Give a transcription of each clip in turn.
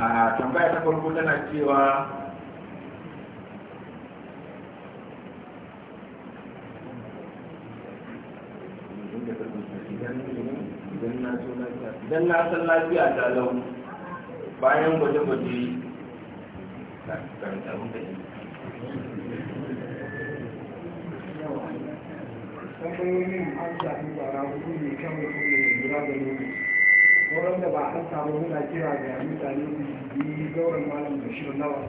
a tambaya ta farko tana cewa idan na san lafiya ta lau bayan gwaje-gwaje tambayoyin an da sauran da ba a samu muna kira ga mutane su yi zauren malam da shirin nawa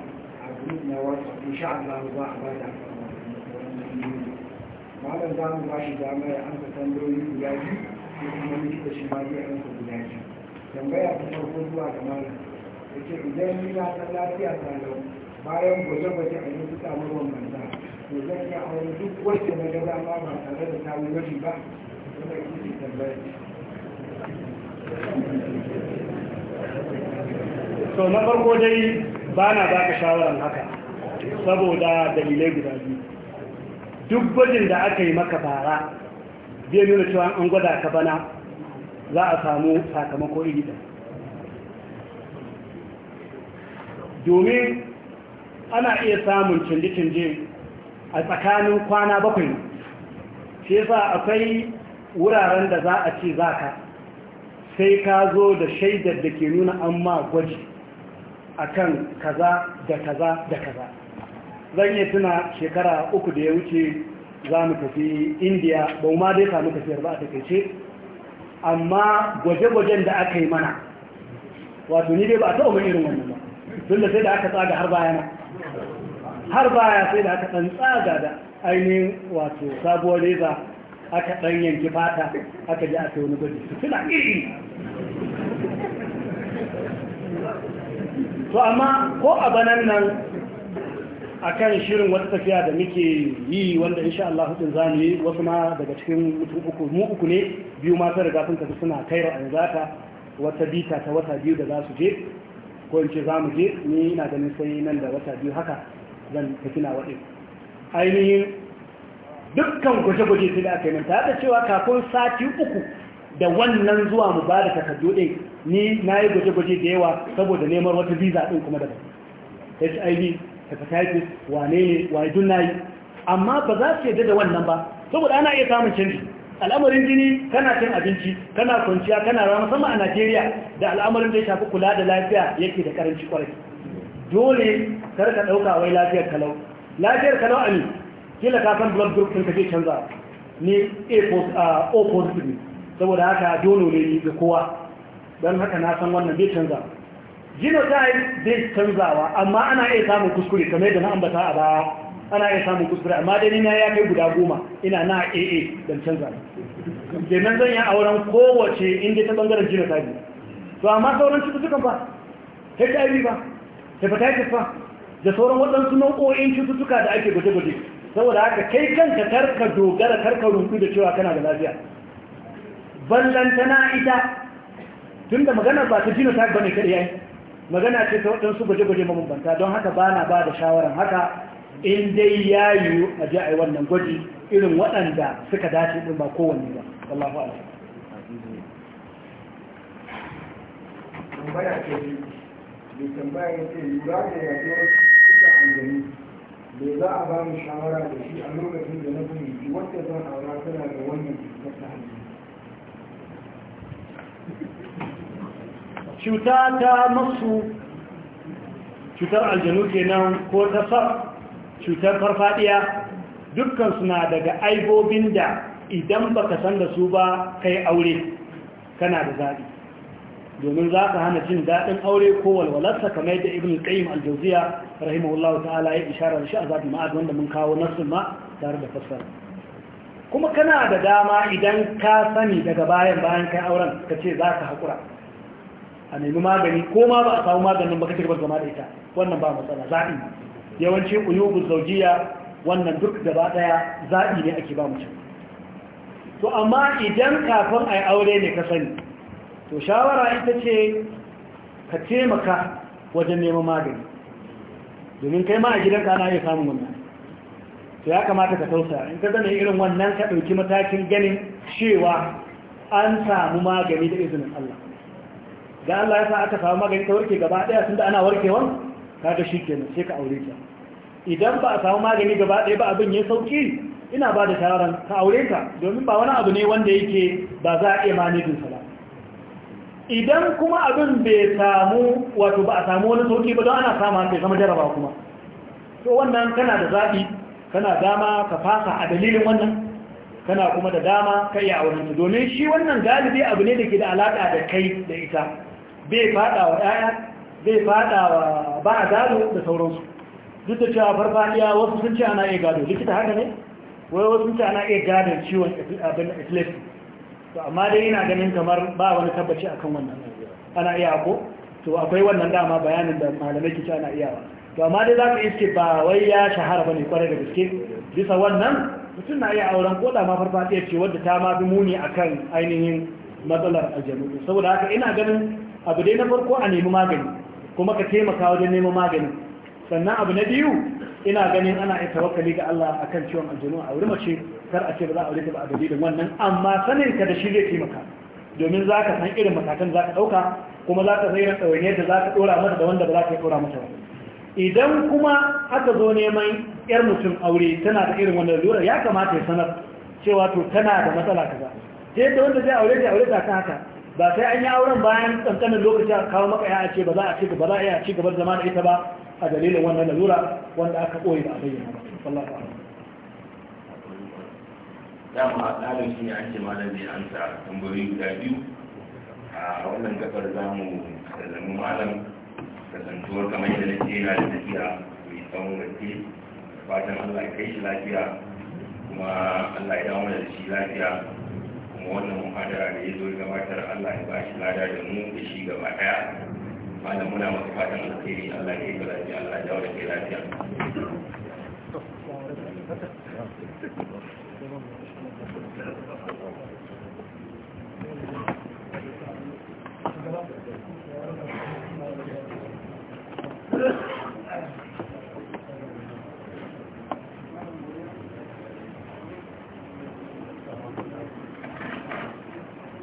a group na wasu insha Allah za a ba da malam za mu ba shi damar an ka tambayoyi guda biyu ko kuma da shi ma zai an ka guda biyu tambaya ta farko zuwa ga malam Ya ce idan ni na san lafiya ta tsalau bayan gwaje-gwaje a yi fita mabambanta to zan iya aure duk wacce na ga ma ba tare da ta yi wuri ba wannan ita tambaya so na farko dai ba na za ka shawarar haka saboda dalilai guda biyu duk gwajin da aka yi maka fara, biyu nuna cewa an gwada ka bana za a samu sakamako iri da domin ana iya samun canje-canje a tsakanin kwana bakwai shi yasa akwai wuraren da za a ce za ka sai ka zo da shaidar da ke nuna an ma gwaji kan kaza da kaza da kaza zan yi tuna shekara uku da ya wuce za mu tafi indiya ba ma dai samu tafiyar ba a takaice amma gwaje-gwajen da aka yi mana wato ni dai ba a taɓa mai irin wannan ba tun da sai da aka tsaga har baya na. har baya sai da aka tsaga da ainihin wato sabuwar leza aka ɗan yanki fata aka ji aka wani gwaji suna iri to amma ko a banan nan a kan shirin wata tafiya da muke yi wanda insha Allah hudun za mu yi wasu ma daga cikin mutum uku mu uku ne biyu ma riga sun tafi suna kairo yanzu ta wata bita ta wata biyu da za su je ko in ce za mu je ni ina ganin sai nan da wata biyu haka zan tafi na waɗin ainihin dukkan gwaje-gwaje su da aka yi manta da cewa kafin sati uku da wannan zuwa mu ba da takardu ɗin ni na yi gwaje-gwaje da yawa saboda neman wata visa ɗin kuma daban hiv hepatitis wane ne wane dun na yi amma ba za su yadda da wannan ba saboda ana iya samun canji al'amarin jini kana cin abinci kana kwanciya kana rama sama a najeriya da al'amarin da ya shafi kula da lafiya yake da karanci kwarai dole kar ka ɗauka wai lafiyar kalau lafiyar kalau a ne kila ka san blood group ɗinka zai canza ne o positive saboda haka dono ne ga kowa don haka na san wannan bai canza genotype zai canzawa amma ana iya samun kuskure kamar yadda na ambata a baya ana iya samun kuskure amma dai na ya kai guda goma ina na aa don canza kenan zan yi auren kowace inda ta bangaren genotype to amma sauran cututtukan ba hiv ba hepatitis ba da sauran waɗansu nau'o'in cututtuka da ake gwaje-gwaje saboda haka kai kanta tarka dogara tarka runku da cewa kana da lafiya ballantana ita tun da magana ba ta jina ta bane kare yayi magana ce ta waɗansu gwaje-gwaje mabambanta don haka ba na ba da shawarar haka in dai ya yiwu a ji a yi wannan gwaji irin waɗanda suka dace ɗin ba kowanne ba Allah ala tambaya ce tambaya ce lura da suka me za a ba mu shawara da shi a lokacin da na fahimci wadda zan aura tana da wannan cutar ta cuta ta masu cutar aljanu kenan ko ta sa cutar farfadiya dukkan suna daga aibobin da idan baka san da su ba kai aure kana da zaɓi domin za ka hana jin daɗin aure ko walwalarsa kamar yadda ibn qayyim al-jawziya rahimahullahu ta'ala ya isharar shi a azabi ma'ad wanda mun kawo nasu ma tare da fassara kuma kana da dama idan ka sani daga bayan bayan kai auren ka ce za ka haƙura a nemi magani ko ma ba a samu maganin ba ka ci zama da ita wannan ba matsala zaɓi yawanci uyubu zaujiya wannan duk gaba ɗaya zaɓi ne ake ba mutum to amma idan kafin a yi aure ne ka sani to shawara ita ce ka taimaka wajen neman magani domin kai ma a gidanka ana iya samun wannan to ya kamata ka tausa in ka zama irin wannan ka ɗauki matakin ganin cewa an samu magani da izinin Allah da Allah ya sa aka samu magani ta warke gaba ɗaya tunda ana warkewa ga shi kenan sai ka aure ta idan ba a samu magani gaba ɗaya ba abin ya sauki ina ba da shawaran ka aure ka, domin ba wani abu ne wanda yake ba za a iya ne sa ba idan kuma abin bai samu wato ba a samu wani sauki ba don ana samu haka zama jaraba kuma to wannan kana da zaɓi kana dama ka fasa a dalilin wannan kana kuma da dama ka iya aure ne domin shi wannan galibi abu ne da ke da alaƙa da kai da ita bai fada wa ɗaya bai fada wa ba a gado da sauransu duk da cewa farfaɗiya wasu sun ce ana iya gado likita haka ne wai wasu sun ce ana iya gado ciwon abin epilepsy to amma dai ina ganin kamar ba wani tabbaci akan wannan ana iya ko to akwai wannan dama bayanin da malamai kici ana iya ba to amma dai za ka iske ba wai ya shahara ba ne kwarai da gaske bisa wannan mutum na iya auren ko da ma farfadiyar ce wadda ta ma bi muni akan ainihin matsalar aljanu saboda haka ina ganin abu dai na farko a nemi magani kuma ka taimaka wajen neman magani sannan abu na biyu ina ganin ana iya tawakkali ga Allah akan ciwon aljanu a wurin mace kar a ce ba za a aure ba a dalilin wannan amma sanin ka da shi zai taimaka domin za ka san irin matakan za ka ɗauka kuma za ka san irin ɗawainiyar da za ka ɗora mata da wanda ba za ka ɗora mata ba idan kuma aka zo neman yar mutum aure tana da irin wannan lura ya kamata ya sanar cewa to tana da matsala kaza ta yadda wanda zai aure ta aure ta kan haka ba sai an yi auren bayan tsantsanin lokaci a kawo maka ya ce ba za a ci gaba za a iya ci gaba zama da ita ba a dalilin wannan lura wanda aka koyi da a bayyana ba dama a tsarin shi ne ake malam zai an sa tambari guda biyu a wannan gabar za mu sallami malam kasantuwar kamar yadda nake yana da tafiya mai tsawon wace fatan allah ya kai shi lafiya kuma allah ya dawo da shi lafiya kuma wannan muhadara da ya zo gabatar allah ya ba shi lada da mu da shi gaba daya malam muna masa fatan alkhairi allah ya yi lafiya allah ya dawo da kai lafiya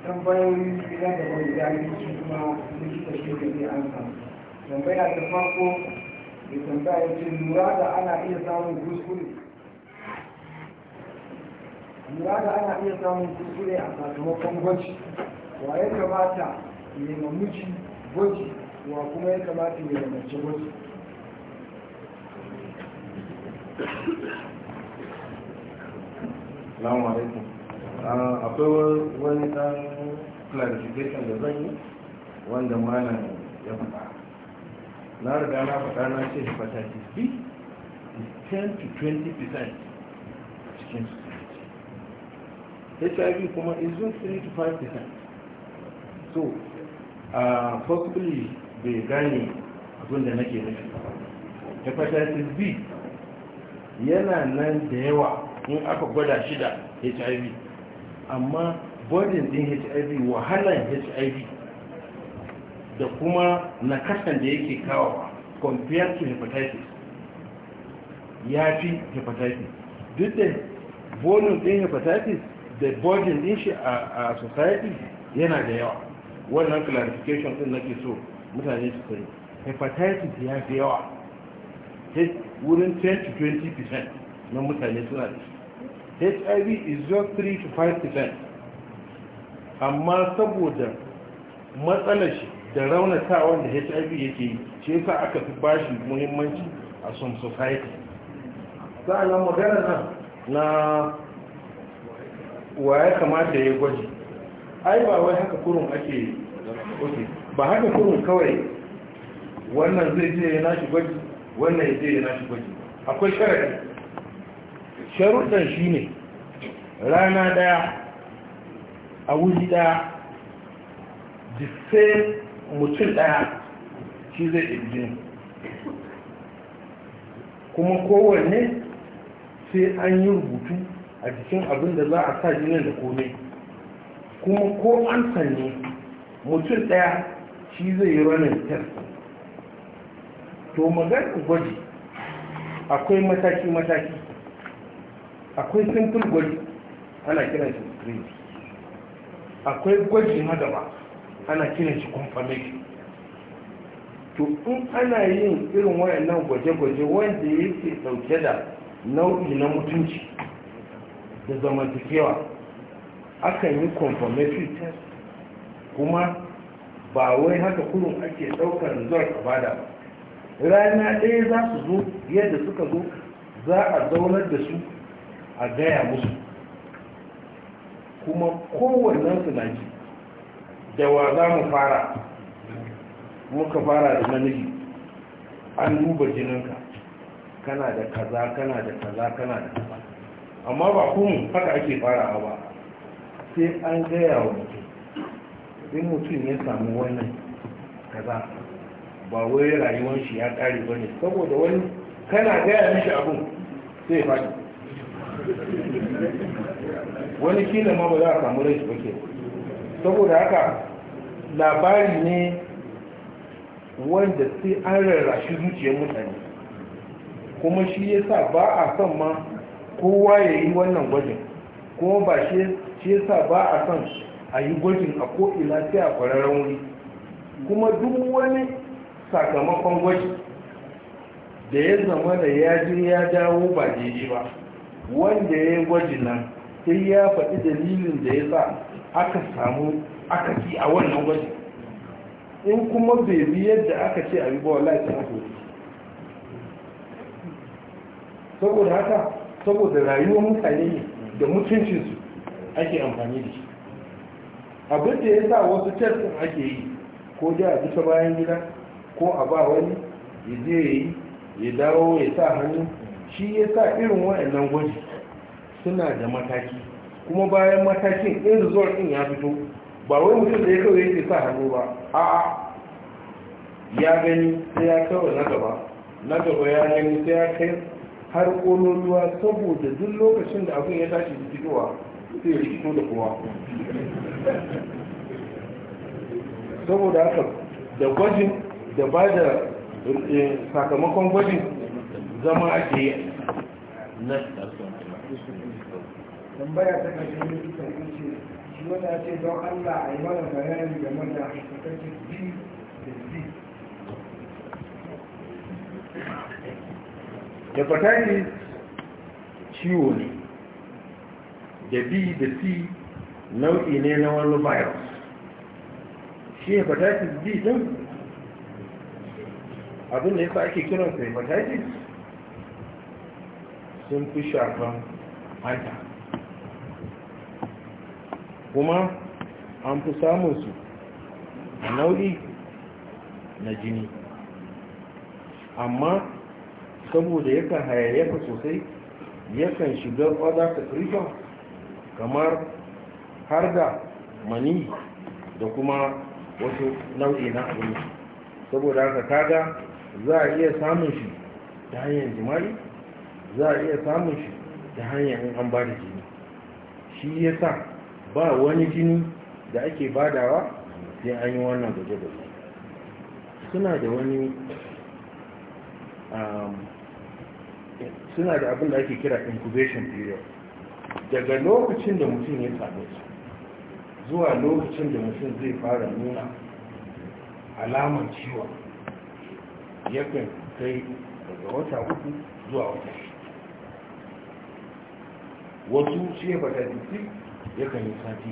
tambayoyi gida da wani jami'in kuma likita shi ne an samu tambaya da farko ya tambaya ya ce lura da ana iya samun kuskure lura da ana iya samun kuskure a sakamakon gwaji wa ya kamata ya mamuci gwaji wa kuma ya kamata ya mamace gwaji Salamu alaikum. Ah, akwai wani ɗan clarification da zan yi wanda mana ya faɗa. na riga na faɗa na ce hepatitis b is 10 to 20 percent cikin society hiv kuma is just 3 to 5 percent so uh, possibly bai gane abinda da nake nufi hepatitis b yana nan da yawa in aka gwada shida hiv amma bodin din hiv wahalan hiv da kuma nakasan da yake kawo compared to hepatitis ya fi hepatitis duk da volume din hepatitis da burden din shi a society yana da yawa wannan clarification din nake so mutane su sani hepatitis ya fi yawa wurin 10-20% na mutane suna da shi hiv is just 3-5% amma saboda matsalar shi da raunatawan wanda hiv yake yi shi yasa aka fi bashi muhimmanci a some society sa'annan magana nan na wa ya kamata ya gwaji ai ba wai haka kurun ake oke ba haka kurun kawai wannan zai je ya nashi gwaji wannan ya je ya nashi gwaji akwai sharaɗi sharuɗan shi ne rana ɗaya a wuri ɗaya the same mutum ɗaya shi zai ɗin kuma kowanne sai an yi rubutu a jikin abin da za a sa jinin da kome kuma ko an sanyi mutum ɗaya shi zai yi ranar test to magar gwaji akwai mataki-mataki akwai simple gwaji ana kiran shi akwai gwaji na gaba ana kiran shi to in ana yin irin wayannan gwaje-gwaje wanda yake dauke da nau'i na mutunci da zamantakewa akan yi confirmatory test kuma ba wai haka kurun ake daukar zuwa a rana ɗaya za su zo yadda suka zo za a zaunar da su a gaya musu kuma kowannen su ji da wa za mu fara muka fara da namiji an duba jininka kana da kaza kana da kaza kana da kaza amma ba kun haka ake fara ba sai an gaya wa mutum Sai mutum ya samu wannan kaza ba wai rayuwar shi ya kare ba ne saboda wani kana gaya mishi abu sai faɗi wani kila ma ba za a samu rai ba ke saboda haka labari ne wanda sai an rarrashi zuciyar mutane kuma shi sa ba a son ma kowa ya yi wannan gwajin kuma ba shi sa ba a son a yi gwajin a ko'ina sai a kwararren wuri kuma duk wani sakamakon gwaji da ya zama da ya je ya dawo ba daidai ba wanda ya yi gwajin nan sai ya faɗi dalilin da ya sa aka samu aka ki a wannan gwaji in kuma bai bi yadda aka ce a riba wallahi ta saboda haka saboda rayuwar mutane ne da mutuncinsu ake amfani da shi abin da ya sa wasu testin ake yi ko da a bisa bayan gida ko a ba wani ya je ya yi ya dawo ya sa hannu shi ya sa irin waɗannan gwaji suna da mataki kuma bayan matakin in result din ya fito ba wani mutum da ya kawai yake sa hannu ba a ya gani sai ya kawai na gaba na gaba ya gani sai ya kai har ƙololuwa saboda duk lokacin da abin ya tashi fitowa sai ya fito da kowa saboda haka da gwajin da ba da eh, sakamakon gwajin zama ake yi tambaya ta kashe ne shi wanda ya ce don allah a yi mana bayani game da kasance b da c hepatitis ciwo ne da b da c nau'i ne na wani virus shi hepatitis b din abin da ya yasa ake kiransa hepatitis sun fi shafan hanta kuma an fi samunsu a nau'i na jini amma saboda yakan hayayyafa sosai yakan shiga ta secretion kamar har da mani da kuma wasu nau'i na abinci saboda haka kaga za a iya samun shi ta hanyar jima'i za a iya samun shi ta hanyar in an ba da jini shi ya sa ba wani jini da ake badawa sai an yi wannan gwaje-gwaje suna da wani um, suna da abin da ake kira incubation period daga lokacin da mutum ya same su zuwa lokacin da mutum zai fara nuna alaman ciwon yakan kai daga wata uku zuwa wata shi. wasu shi ya hepatitis yakan yi sati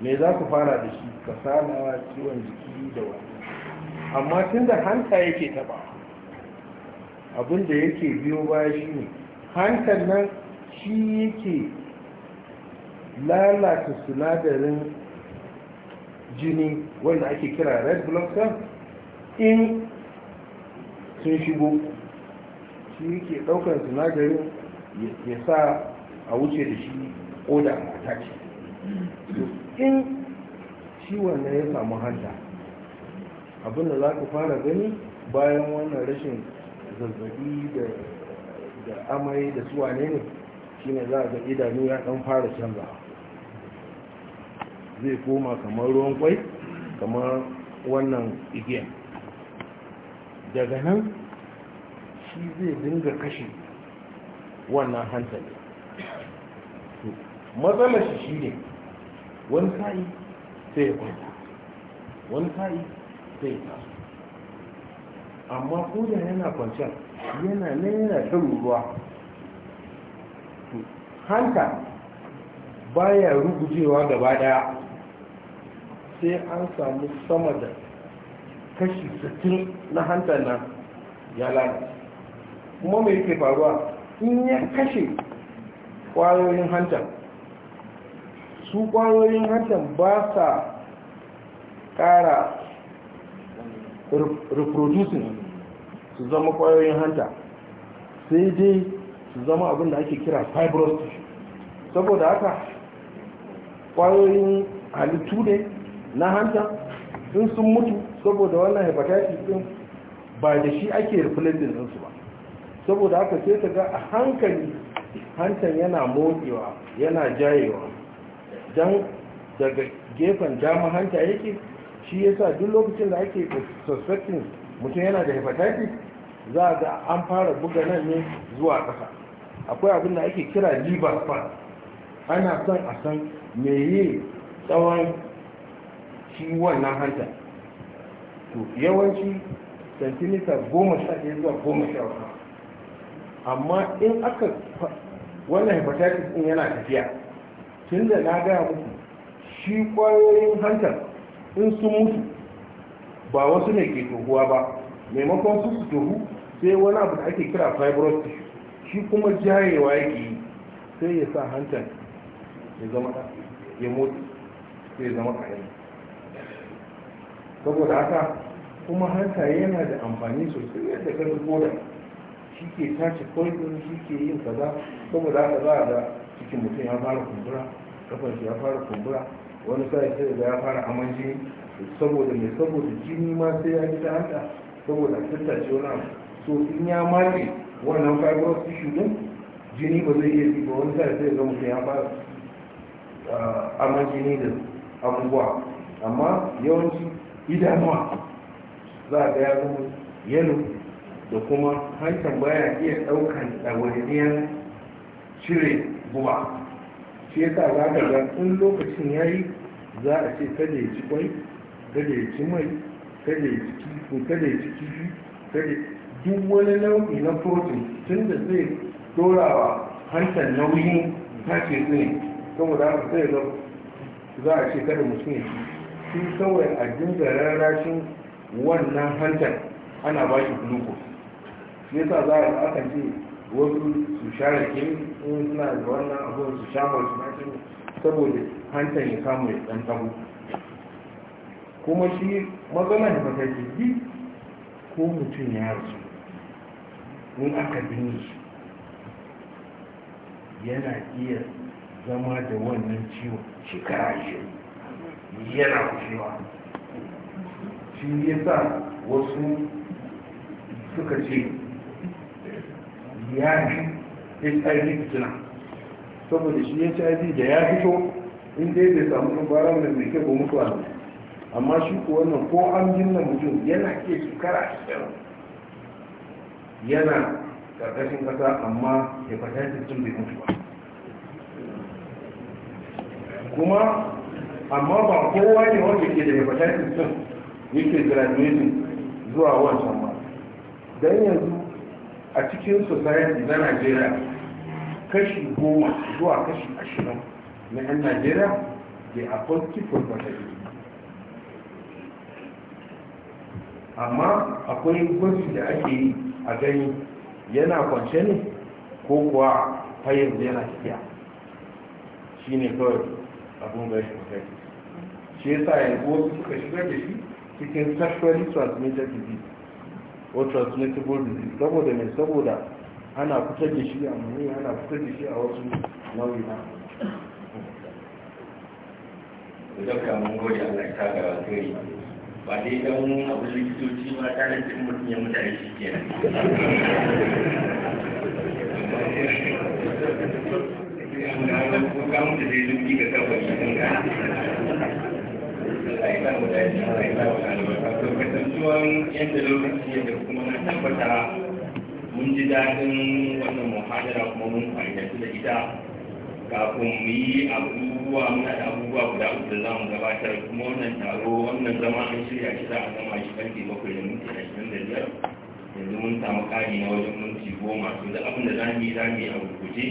me za ku fara da shi kasala ciwon jiki da wani amma tun da hanta yake taba abinda yake biyo baya shi ne hantar nan shi yake lalata sinadarin jini wanda ake kira red blood cell in sun shigo shi yake daukar sinadarin ya sa a wuce da shi koda a ce in ciwon na ya samu hanta abinda za ku fara gani bayan wannan rashin zazzabi da amai da suwa ne ne shine za ga idanu ya dan fara canza zai koma kamar ruwan kwai kamar wannan igiyan daga nan shi zai dinga kashe wannan hantar matsalar shi shi ne wani sa'i sai ya kwanta wani sa'i sai ya taso amma ko da yana kwanciyar yana nan yana shan ruwa hanta baya rugujewa gaba daya sai an samu sama da kashi 60 na hanta nan ya lalata kuma mai ke faruwa in ya kashe kwayoyin hantar su kwayoyin hantan ba sa ƙara reproducing su zama ƙwayoyin hanta sai dai su zama abin ake kira fibrous saboda haka ƙwayoyin halittu ne na hanta sun sun mutu saboda wannan hepatitis din ba da shi ake replacing ɗinsu ba saboda haka sai ta ga a hankali hantan yana motsewa yana jayewa dan daga gefen dama hanta yake shi yasa duk lokacin da ake suspecting mutum yana da hepatitis za a ga an fara buga nan ne zuwa ƙasa akwai abin da ake kira liver fat ana son a san me yi tsawon shi wannan hanta to yawanci santimita goma sha ɗaya zuwa goma sha amma in aka wannan hepatitis ɗin yana tafiya tun da na gaya muku shi kwayoyin hantar in sun mutu ba wasu ne ke tohuwa ba maimakon su su tohu sai wani abu da ake kira tissue shi kuma jayewa yake yi sai ya sa hantar ya zama ya mutu sai ya zama kayan saboda haka kuma hanta yana da amfani sosai yadda kan koda shi ke tace poison shi ke yin kaza saboda haka za a ga cikin mutum ya fara kumbura kafar shi ya fara kumbura wani sai sai da ya fara aman jini saboda mai saboda jini ma sai ya ta hanta saboda tattace wani abu so in ya mace wannan fiber tissue din jini ba zai iya bi ba wani sai sai ga mutum ya fara ah, aman jini da abubuwa amma yawanci idanuwa za a ga ya zama yalo da kuma hancin baya iya ɗaukan ɗawainiyar cire guba shi yasa za ka ga in lokacin ya yi za a ce kada ya ci kwai kada ya ci mai kada ya ci kifi kada ya ci kifi kada duk wani nau'i na protein tun da zai dorawa hantar nauyin tace zai saboda haka sai ga za a ce kada mutum ya ci shi kawai a dinga rarrashin wannan hantar ana ba shi glucose yasa za a akan ce wasu su share rake in suna da wannan abun su sha masu natin saboda hantar ya samu ya dan kuma shi magana da ta ko mutum ya rasu in aka binne shi yana iya zama da wannan ciwon shekara ashirin yana kushewa shi yasa wasu suka ce ya fi hiv fitina saboda shi ya hiv da ya fito in dai bai samu environment mai kyau ba mutuwa ne amma shi ko wannan ko an jinna mutum yana ke shekara ashirin yana ƙarƙashin ƙasa amma hepatitis cikin bai mutu ba kuma amma ba kowa ne wanda ke da hepatitis sun yake graduating zuwa wancan ba don yanzu a cikin society na najeriya kashi goma zuwa kashi ashirin na 'yan najeriya da a people amma akwai gwaji da ake yi a gani yana kwance ne ko kuwa da yana tafiya shi ne kawai abin gashi mutai shi yasa yanzu wasu suka shiga da shi cikin sexually transmitted disease ko transmittable disease saboda mai saboda ana fitar da shi a mani ana fitar da shi a wasu nau'i na ba dai abu likitoci ma ta nan cikin mutum ya mutane shi ko ga zai zuki ga kafin Allah ya samu dace Allah ya samu albarka to kasantuwan yadda lokaci kuma na tabbata mun ji daɗin wannan muhadara kuma mun fahimci da ita kafin mu yi abubuwa muna da abubuwa guda uku da za mu gabatar kuma wannan taro wannan zama an shirya shi za a zama shi ƙarfe bakwai da minti ashirin da biyar yanzu mun samu ƙari na wajen minti goma to da abin da za mu yi za mu yi a rubuce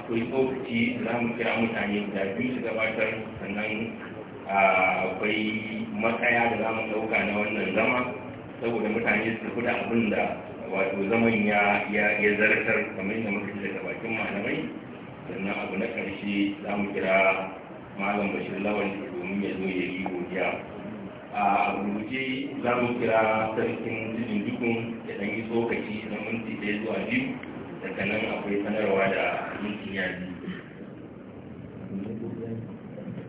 akwai tsokaci za mu kira mutane guda biyu su gabatar sannan akwai matsaya da za mu ɗauka na wannan zama saboda mutane su kuda abin da wato zaman ya zartar kamar da muka daga bakin malamai sannan abu na ƙarshe za mu kira malam bashir lawan domin ya zo ya yi godiya a rubuce za mu kira sarkin jirgin dukun ya dan yi tsokaci na minti ɗaya zuwa biyu daga nan akwai sanarwa da mutum ya biyu